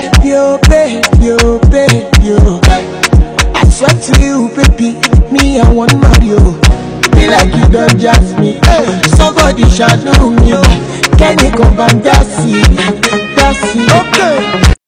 baby, oh baby, oh baby, oh. I swear to you, baby, me I want Mario. Be like you don't just me. Hey, somebody shall know me. Can you come and just see, just see? Okay.